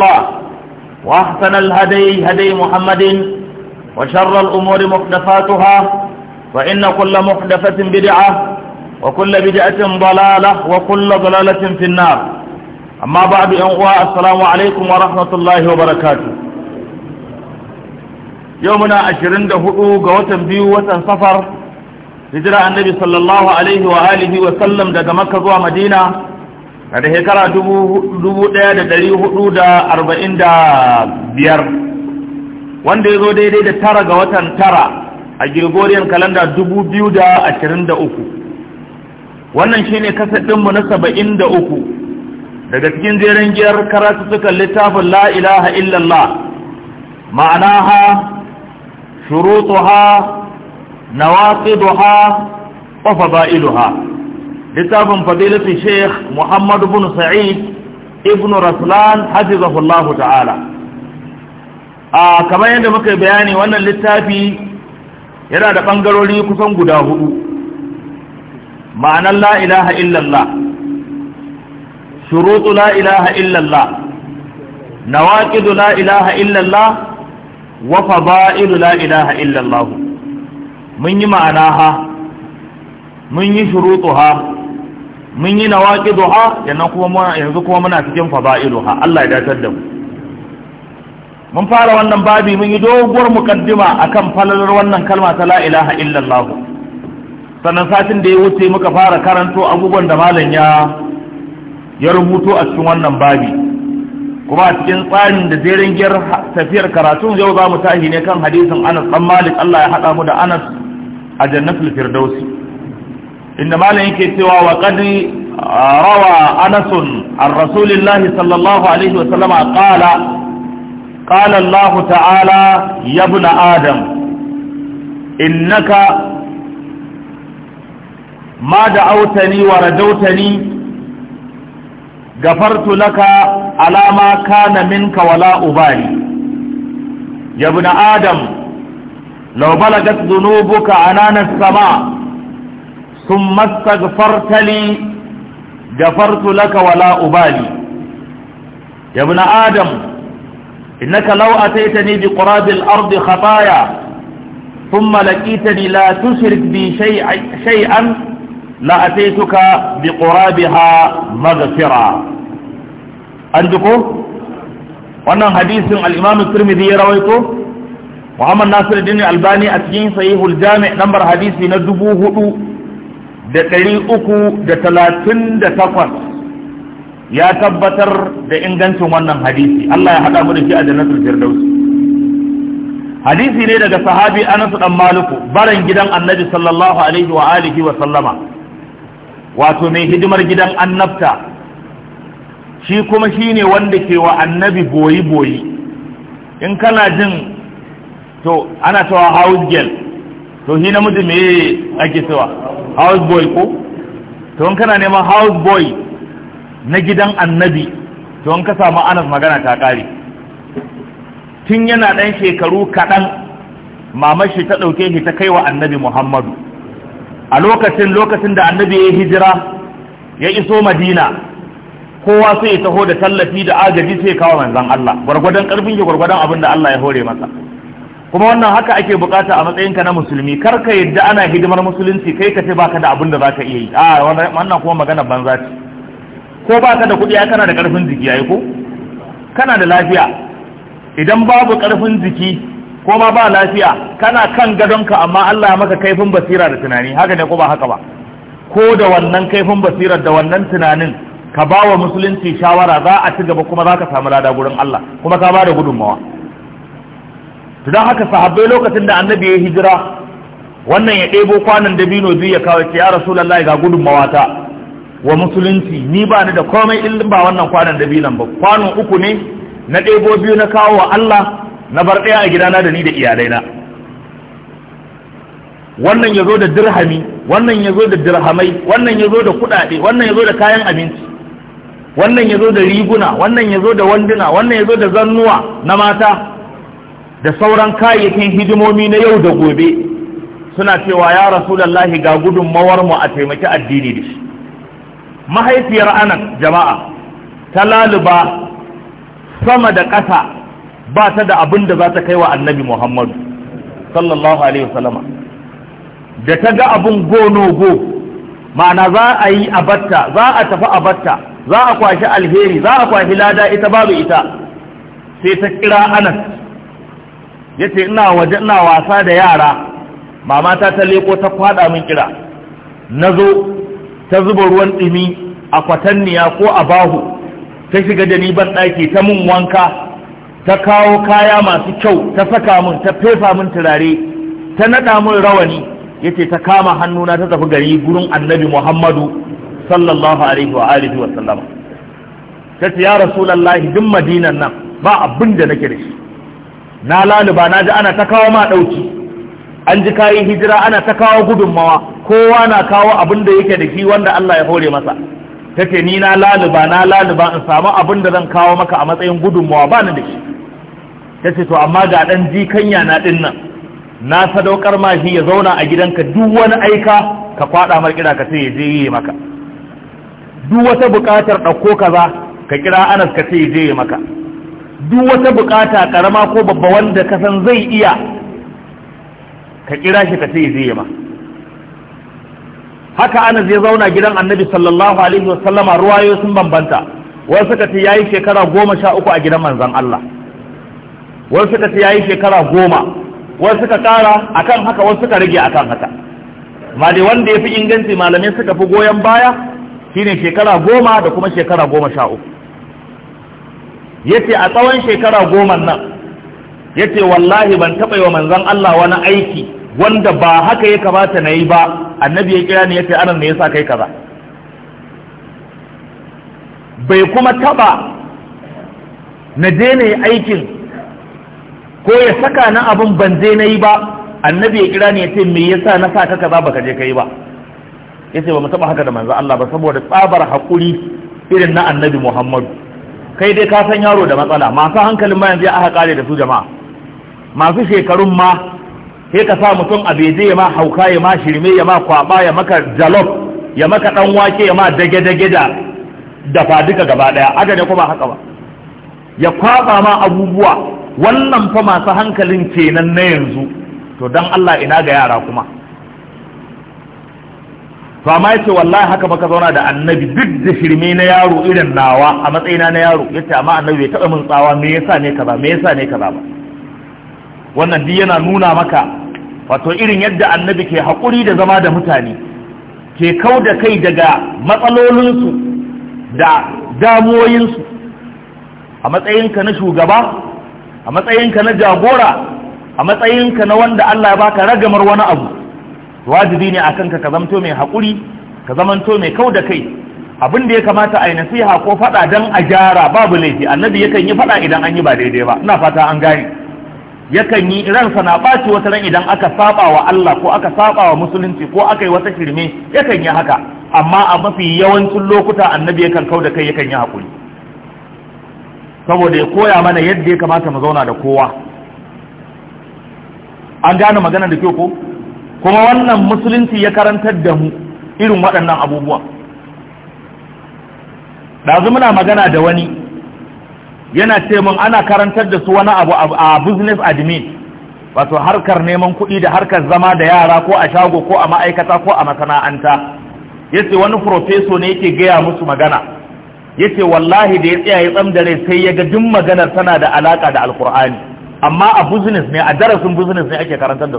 الله وأحسن الهدي هدي محمد وشر الأمور محدثاتها وإن كل محدثة بدعة وكل بدعة ضلالة وكل ضلالة في النار أما بعد أنواع السلام عليكم ورحمة الله وبركاته يومنا عشرين دهؤو قوة بيو وتنصفر هجرة النبي صلى الله عليه وآله وسلم دقى مكة ومدينة na da shekara dubu ɗaya da dari hudu da arba'in da biyar wanda ya zo daidai da tara ga watan tara a gregorian kalanda dubu biyu da ashirin da uku wannan shi ne kasadinmu na saba'in daga cikin jerin giyar karatu suka littafin la ilaha illallah ha, shurutuha nawaqiduha wa fada'iluha littafin fadilatu sheikh muhammad ibn sa'id ibn raslan hafizahullahu ta'ala a kamar yadda muke bayani wannan littafi yana da bangarori kusan guda hudu ma'anar la ilaha illallah shurutu la ilaha illallah nawaqidu la ilaha illallah wa fada'ilu la ilaha illallah mun yi ma'ana ha mun yi shurutu ha mun yi na yanzu kuma yanzu kuma muna cikin fada'iluha Allah ya datar da mu mun fara wannan babi mun yi doguwar mukaddima akan falalar wannan kalma ta la ilaha illallah sannan satin da ya wuce muka fara karanto abubuwan da malam ya ya rubuto a cikin wannan babi kuma a cikin tsarin da zai giyar tafiyar karatu yau za mu tashi ne kan hadisin Anas dan Malik Allah ya hada mu da Anas a jannatul firdausi inda malam yake cewa wa qadi rawa Anasun, an rasulillahi sallallahu alaihi wa sallama qala qala allah ta'ala ya ibn adam innaka ma da'awtani wa rajawtani gafartu laka alama kana minka wala ubali ya ibn adam law balagat dhunubuka anana as-sama sun mastagfartali gafartu laka wala ubali ya bi na adam inaka lau'a ta yi ta ne bi ƙurabil arzi khataya sun malakita ne la tushirik bi shay'an la'ataituka bi ƙurabiha magafira an ji ko wannan hadisun al'imamun turmidi ya rawai ko muhammad nasiru dini albani a cikin sayi huljami hadisi na dubu hudu da ɗari uku da talatin da takwas ya tabbatar da ingancin wannan hadisi Allah ya haɗa mu da shi a jannatul firdausi hadisi ne daga sahabi Anas dan Maliku baran gidan Annabi sallallahu alaihi wa alihi wa sallama wato mai hidimar gidan annabta shi kuma shine wanda ke wa annabi boyi boyi in kana jin to ana cewa house girl to shi namiji me ake cewa house boy ko to in kana neman house boy na gidan annabi to in ka samu anas magana ta kare tun yana ɗan shekaru kaɗan mamar shi ta ɗauke shi ta kai wa annabi muhammadu a lokacin lokacin da annabi ya hijira ya iso madina kowa sai ya taho da tallafi da agaji sai ya kawo manzan Allah gwargwadon ƙarfin shi gwargwadon abin da Allah ya hore masa kuma wannan haka ake bukata a matsayinka na musulmi kar ka yadda ana hidimar musulunci kai ka ce baka da abin da zaka iya yi a wannan kuma magana banza ce ko baka da kuɗi kana da karfin jiki yayi ko kana da lafiya idan babu karfin jiki ko ma ba lafiya kana kan gadonka amma Allah ya maka kaifin basira da tunani haka ne ko ba haka ba ko da wannan kaifin basirar da wannan tunanin ka bawa musulunci shawara za a ci gaba kuma za ka samu lada gurin Allah kuma ka ba da gudunmawa to don haka sahabbai lokacin da annabi ya hijira wannan ya ɗebo kwanan dabino biyu ya kawo ce ya rasulullahi ga gudun mawata wa musulunci ni ba ni da komai illin ba wannan kwanan dabinan ba kwanon uku ne na ɗebo biyu na kawo wa Allah na bar ɗaya a gidana da ni da iyalaina wannan ya zo da dirhami wannan ya zo da dirhamai wannan ya zo da kuɗaɗe wannan ya zo da kayan abinci wannan ya zo da riguna wannan ya zo da wanduna wannan ya zo da zannuwa na mata da sauran kayayyakin hidimomi na yau da gobe suna cewa ya rasulallahi ga gudunmawar mu a taimaki addini da shi mahaifiyar anan jama'a ta laluba sama da ƙasa ba ta da abin da za ta kai wa annabi muhammadu sallallahu alaihi wasallama da ta ga abin go ma'ana za a yi abatta za a tafi abatta za a kwashi alheri za a kwashi lada ita babu ita sai ta kira anas ya ce ina waje ina wasa da yara mama ta leƙo ta kwada min kira na zo ta zuba ruwan ɗumi a kwatanniya ko a bahu ta shiga da ni ɗaki ta mun wanka ta kawo kaya masu kyau ta saka mun ta fefa mun turare ta naɗa mun rawani Yace ta kama hannuna ta tafi gari gurin annabi muhammadu sallallahu alaihi wa alihi wa sallama ta ce ya rasulallahi duk madinan nan ba abinda da nake da shi na laluba na ji ana ta kawo ma ɗauki an ji kayi hijira ana ta kawo gudunmawa kowa na kawo abin da yake da shi wanda Allah ya hore masa take ni na laluba na laluba in samu abin da zan kawo maka a matsayin gudunmawa ba ni da shi tace to amma ga dan jikanya na din nan na sadaukar ma shi ya zauna a gidanka duk wani aika ka kwada mar kira ka sai ya je yi maka duk wata bukatar dauko kaza ka kira Anas ka sai ya je yi maka duk wata bukata karama ko babba wanda ka san zai iya ka kira shi ka sai zai yi ma haka ana zai zauna gidan annabi sallallahu alaihi wasallama ruwayo sun bambanta wasu suka ce yayi shekara goma sha uku a gidan manzon Allah wasu suka ce yayi shekara goma wasu suka kara akan haka wasu suka rage akan haka ma dai wanda ya fi inganci malamai suka fi goyon baya shine shekara goma da kuma shekara goma sha uku yace a tsawon shekara goma nan yace wallahi ban taɓa yi wa manzon Allah wani aiki wanda ba haka ya kamata na yi ba annabi ya kira ni yace anan ne yasa kai kaza bai kuma taɓa na je na yi aikin ko ya saka na abin ban je na yi ba annabi ya kira ni yace me yasa na sa ka kaza baka je kai ba yace ba mu taɓa haka da manzon Allah ba saboda tsabar hakuri irin na annabi Muhammadu kai dai ka san yaro da matsala masu hankalin bayan zai aka kare da su jama'a masu shekarun ma sai ka sa mutum a beje ya ma hauka ya ma shirme ya ma kwaba ya maka jalof ya maka dan wake ya ma dage dage da dafa duka gaba daya aga ne kuma haka ba ya kwaba ma abubuwa wannan fa masu hankalin kenan na yanzu to dan Allah ina ga yara kuma to amma yace wallahi haka baka zauna da annabi duk da shirme na yaro irin nawa a matsayina na yaro yace amma annabi bai taba min tsawa me yasa ne kaza me yasa ne kaza ba wannan duk yana nuna maka wato irin yadda annabi ke hakuri da zama da mutane ke kau da kai daga matsalolinsu da damuwoyinsu a matsayinka na shugaba a matsayinka na jagora a matsayinka na wanda Allah ya baka ragamar wani abu wajibi ne akan ka ka zamto mai haƙuri ka zamanto mai kau da kai abin da ya kamata a yi nasiha ko faɗa don a gyara babu laifi annabi yakan yi faɗa idan an yi ba daidai ba ina fata an gane yakan yi ransa na ɓaci wata ran idan aka saba wa Allah ko aka saba wa musulunci ko aka yi wata shirme yakan yi haka amma a mafi yawancin lokuta annabi yakan kau da kai yakan yi haƙuri saboda ya koya mana yadda ya kamata mu zauna da kowa an gane magana da kyau ko kuma wannan musulunci ya karantar da mu irin waɗannan abubuwa ɗazu muna magana da wani yana ce mun ana karantar da su wani abu a business admin wato harkar neman kuɗi da harkar zama da yara ko a shago ko a ma'aikata ko a masana'anta Ya ce wani profeso ne yake gaya musu magana Ya ce wallahi da ya tsaya ya rai sai ya ga duk maganar tana da alaƙa da alkur'ani amma a business ne a darasin business ne ake karantar da